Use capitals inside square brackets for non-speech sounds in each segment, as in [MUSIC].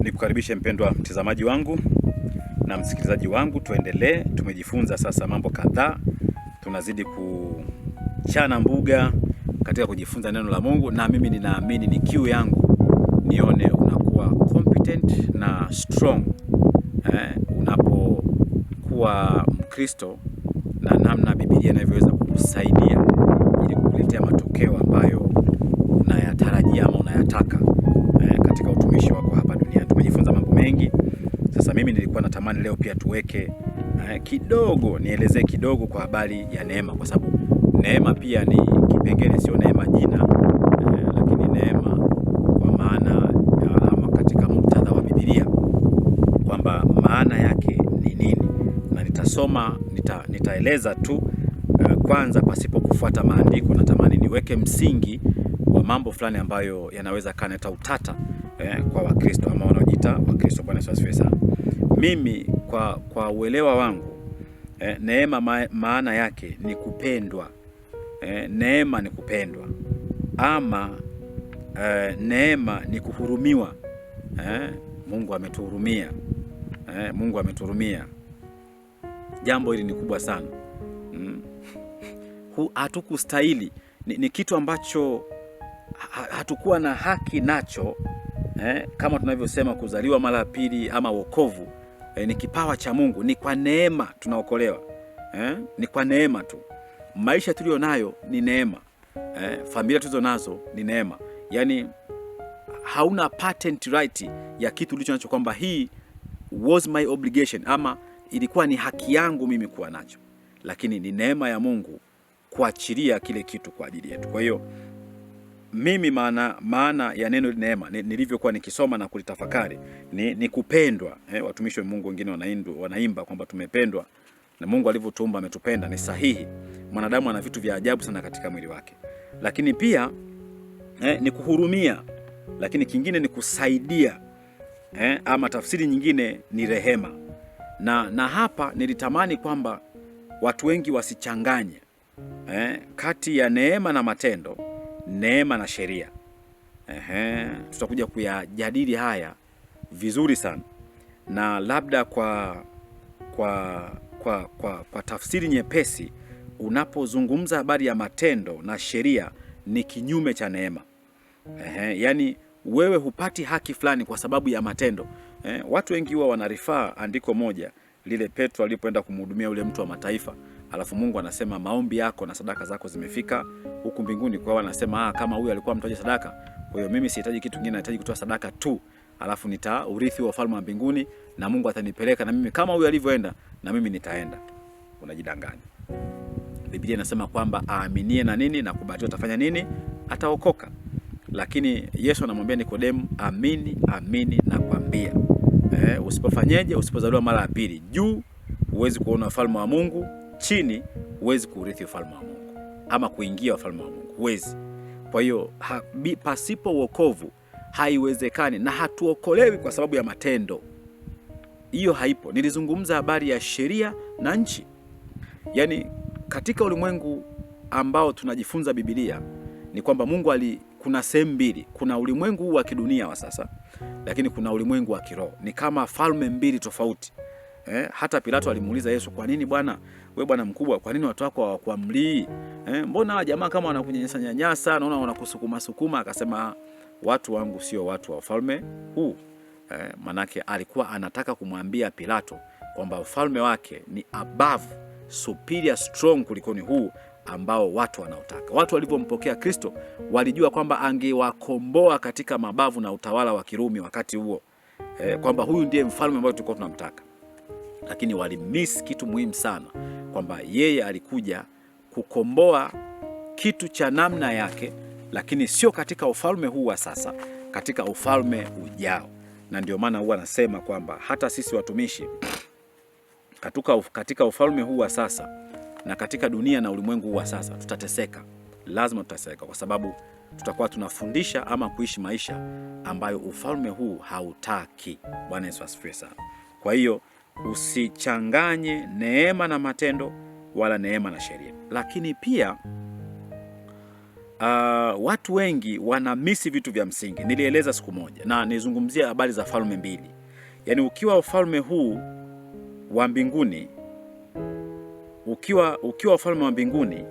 Nikukaribishe mpendwa mtazamaji wangu na msikilizaji wangu, tuendelee. Tumejifunza sasa mambo kadhaa, tunazidi kuchana mbuga katika kujifunza neno la Mungu, na mimi ninaamini ni kiu yangu nione unakuwa competent na strong eh, unapokuwa Mkristo na namna Biblia inavyoweza kukusaidia ili kukuletea matokeo ambayo unayatarajia ama unayataka eh, katika utumishi wako hapa duniani. Tumejifunza mambo mengi. Sasa mimi nilikuwa natamani leo pia tuweke eh, kidogo nielezee kidogo kwa habari ya neema, kwa sababu neema pia ni kipengele, sio neema jina eh, lakini neema kwa maana eh, katika wa kwamba maana yake ni nini, na nitasoma nita, nitaeleza tu uh, kwanza pasipo kufuata maandiko. Natamani niweke msingi wa mambo fulani ambayo yanaweza kaneta utata eh, kwa Wakristo ama wanaojiita Wakristo. Bwana Yesu asifiwe sana. Mimi kwa, kwa uelewa wangu eh, neema ma, maana yake ni kupendwa eh, neema ni kupendwa ama eh, neema ni kuhurumiwa eh, Mungu ametuhurumia eh, Mungu ametuhurumia. Jambo hili ni kubwa sana mm. [LAUGHS] Hatukustahili ni, ni kitu ambacho hatukuwa na haki nacho eh, kama tunavyosema kuzaliwa mara ya pili ama wokovu eh, ni kipawa cha Mungu, ni kwa neema tunaokolewa eh, ni kwa neema tu. Maisha tuliyo nayo ni neema eh, familia tulizo nazo ni neema. Yani hauna patent right ya kitu ulicho nacho kwamba hii was my obligation ama ilikuwa ni haki yangu mimi kuwa nacho, lakini ni neema ya Mungu kuachilia kile kitu kwa ajili yetu. Kwa hiyo mimi maana, maana ya neno neema nilivyokuwa nikisoma na kulitafakari ni, ni kupendwa eh, watumishi wa Mungu wengine wanaindu, wanaimba kwamba tumependwa na Mungu alivyotuumba ametupenda. Ni sahihi, mwanadamu ana vitu vya ajabu sana katika mwili wake, lakini pia eh, ni kuhurumia, lakini kingine ni kusaidia eh, ama tafsiri nyingine ni rehema na, na hapa nilitamani kwamba watu wengi wasichanganye eh, kati ya neema na matendo neema na sheria. Ehe, tutakuja kuyajadili haya vizuri sana na labda kwa kwa kwa, kwa, kwa tafsiri nyepesi, unapozungumza habari ya matendo na sheria ni kinyume cha neema. Ehe, yani wewe hupati haki fulani kwa sababu ya matendo. Ehe, watu wengi huwa wanarifaa andiko moja lile Petro alipoenda kumhudumia ule mtu wa mataifa alafu Mungu anasema maombi yako na sadaka zako zimefika huku mbinguni. Kwa hiyo anasema ah, kama huyu alikuwa mtoaji sadaka, kwa hiyo mimi sihitaji kitu kingine, nahitaji kutoa sadaka tu, alafu nitaurithi wa ufalme wa mbinguni na Mungu atanipeleka na mimi kama huyu alivyoenda, na mimi nitaenda. Unajidanganya. Biblia inasema kwamba aaminie na nini na kubarikiwa atafanya nini? Ataokoka. Lakini Yesu anamwambia Nikodemu, amini amini nakwambia, eh, usipofanyeje, usipozaliwa mara ya pili juu huwezi kuona ufalme wa Mungu chini, huwezi kuurithi ufalme wa Mungu ama kuingia ufalme wa Mungu, huwezi. Kwa hiyo pasipo wokovu haiwezekani, na hatuokolewi kwa sababu ya matendo, hiyo haipo. Nilizungumza habari ya sheria na nchi, yaani katika ulimwengu ambao tunajifunza Biblia ni kwamba Mungu ali kuna sehemu mbili, kuna ulimwengu huu wa kidunia wa sasa, lakini kuna ulimwengu wa kiroho. Ni kama falme mbili tofauti. Eh, hata Pilato alimuuliza Yesu, kwa nini bwana, we bwana mkubwa, kwa nini watu wako hawakuamlii? Eh, mbona hawa jamaa kama wanakunyanyasa nyanyasa, naona wanakusukuma sukuma? Akasema watu wangu sio watu wa ufalme huu. Eh, manake alikuwa anataka kumwambia Pilato kwamba ufalme wake ni above superior strong kulikoni huu ambao watu wanaotaka. Watu walivyompokea Kristo walijua kwamba angewakomboa katika mabavu na utawala wa Kirumi wakati huo, eh, kwamba huyu ndiye mfalme ambayo tulikuwa tunamtaka lakini walimisi kitu muhimu sana, kwamba yeye alikuja kukomboa kitu cha namna yake, lakini sio katika ufalme huu wa sasa, katika ufalme ujao. Na ndio maana huwa anasema kwamba hata sisi watumishi katuka, katika ufalme huu wa sasa na katika dunia na ulimwengu huu wa sasa tutateseka, lazima tutateseka kwa sababu tutakuwa tunafundisha ama kuishi maisha ambayo ufalme huu hautaki. Bwana Yesu asifiwe sana. Kwa hiyo usichanganye neema na matendo wala neema na sheria. Lakini pia uh, watu wengi wanamisi vitu vya msingi. Nilieleza siku moja na nizungumzia habari za falme mbili, yaani ukiwa ufalme huu wa mbinguni ukiwa ukiwa ufalme wa mbinguni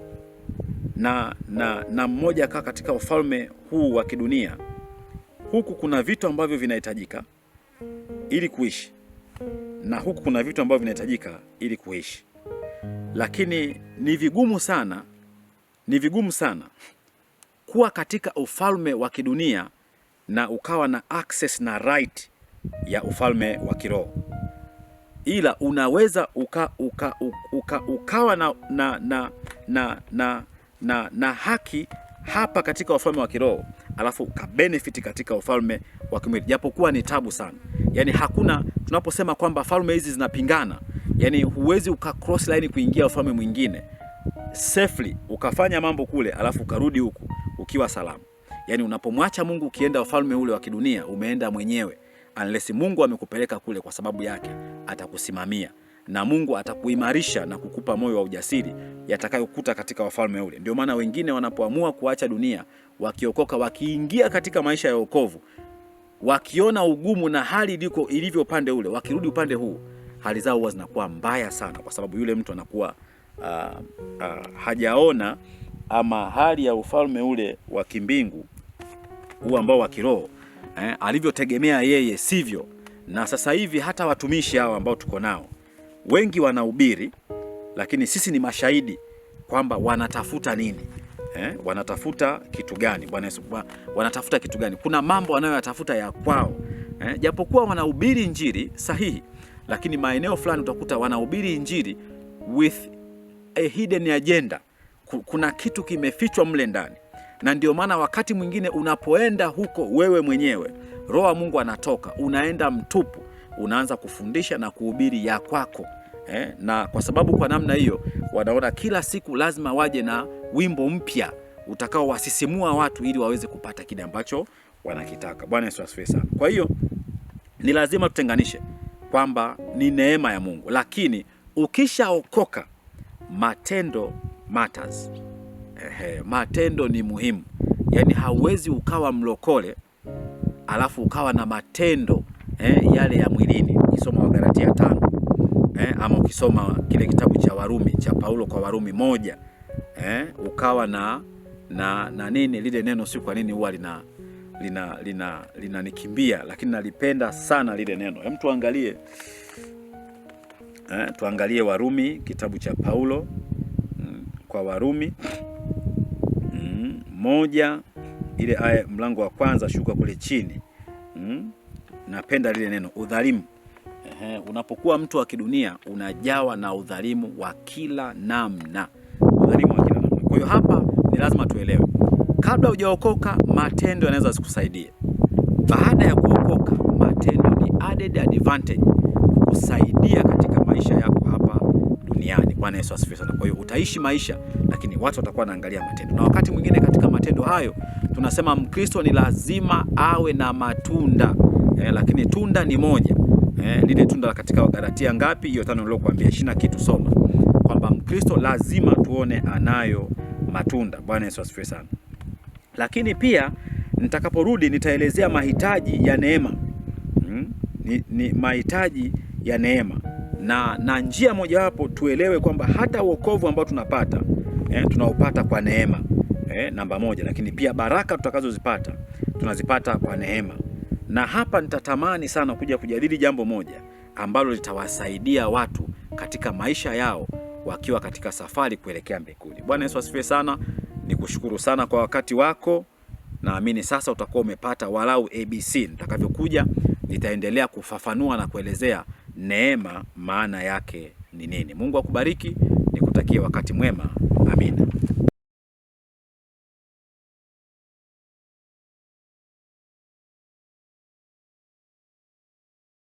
na, na, na mmoja kaa katika ufalme huu wa kidunia. Huku kuna vitu ambavyo vinahitajika ili kuishi na huku kuna vitu ambavyo vinahitajika ili kuishi, lakini ni vigumu sana, ni vigumu sana kuwa katika ufalme wa kidunia na ukawa na access na right ya ufalme wa kiroho, ila unaweza uka, uka, uka, ukawa na, na, na, na, na, na, na haki hapa katika ufalme wa kiroho alafu ukabenefiti katika ufalme wa kimwili, japokuwa ni tabu sana. Yani hakuna tunaposema kwamba falme hizi zinapingana, yani huwezi uka cross line kuingia ufalme mwingine safely ukafanya mambo kule alafu ukarudi huku ukiwa salama. Yani unapomwacha Mungu ukienda ufalme ule wa kidunia, umeenda mwenyewe, unless Mungu amekupeleka kule kwa sababu yake, atakusimamia na Mungu atakuimarisha na kukupa moyo wa ujasiri yatakayokuta katika wafalme ule. Ndio maana wengine wanapoamua kuacha dunia, wakiokoka, wakiingia katika maisha ya wokovu, wakiona ugumu na hali iliko ilivyo upande ule, wakirudi upande huu, hali zao huwa zinakuwa mbaya sana, kwa sababu yule mtu anakuwa uh, uh, hajaona ama hali ya ufalme ule wa kimbingu huu ambao wa kiroho eh, alivyotegemea yeye sivyo. Na sasa hivi hata watumishi hao ambao tuko nao wengi wanahubiri, lakini sisi ni mashahidi kwamba wanatafuta nini eh? Wanatafuta kitu gani? Bwana Yesu, wanatafuta kitu gani? Kuna mambo wanayoyatafuta ya kwao eh? Japokuwa wanahubiri injili sahihi, lakini maeneo fulani utakuta wanahubiri injili with a hidden agenda. Kuna kitu kimefichwa mle ndani, na ndio maana wakati mwingine unapoenda huko wewe mwenyewe, roho wa Mungu anatoka, unaenda mtupu unaanza kufundisha na kuhubiri ya kwako eh? Na kwa sababu kwa namna hiyo wanaona kila siku lazima waje na wimbo mpya utakao wasisimua watu ili waweze kupata kile ambacho wanakitaka. Bwana Yesu asifiwe sana. Kwa hiyo ni lazima tutenganishe kwamba ni neema ya Mungu, lakini ukishaokoka matendo matters. Ehe, matendo ni muhimu, yaani hauwezi ukawa mlokole alafu ukawa na matendo eh, yale ya mwilini, ukisoma Wagalatia tano eh, ama ukisoma kile kitabu cha Warumi cha Paulo kwa Warumi moja eh, ukawa na, na, na nini lile neno, si kwa nini huwa lina lina, lina, linanikimbia lakini nalipenda sana lile neno. Hem, tuangalie eh, tuangalie Warumi kitabu cha Paulo mm, kwa Warumi mm, moja ile aya mlango wa kwanza shuka kule chini mm napenda lile neno udhalimu. Ehe, unapokuwa mtu wa kidunia unajawa na udhalimu wa kila namna, udhalimu wa kila namna. Kwa hiyo hapa ni lazima tuelewe, kabla hujaokoka matendo yanaweza sikusaidie, baada ya kuokoka matendo ni added advantage kusaidia katika maisha yako hapa duniani. Bwana Yesu asifiwe sana. Kwa hiyo utaishi maisha, lakini watu watakuwa wanaangalia matendo, na wakati mwingine katika matendo hayo tunasema Mkristo ni lazima awe na matunda eh, lakini tunda ni moja eh, lile tunda katika Wagalatia ngapi? Hiyo tano nilokuambia, ishirini na kitu. Soma kwamba Mkristo lazima tuone anayo matunda. Bwana Yesu asifiwe sana. Lakini pia nitakaporudi nitaelezea mahitaji ya neema hmm? ni, ni mahitaji ya neema na, na njia mojawapo tuelewe kwamba hata wokovu ambao tunapata eh, tunaupata kwa neema eh, namba moja, lakini pia baraka tutakazozipata tunazipata kwa neema na hapa nitatamani sana kuja kujadili jambo moja ambalo litawasaidia watu katika maisha yao wakiwa katika safari kuelekea mbinguni. Bwana Yesu asifiwe sana. ni kushukuru sana kwa wakati wako. Naamini sasa utakuwa umepata walau ABC. Nitakavyokuja nitaendelea kufafanua na kuelezea neema maana yake ni nini. Mungu akubariki, ni nikutakie wakati mwema. Amina.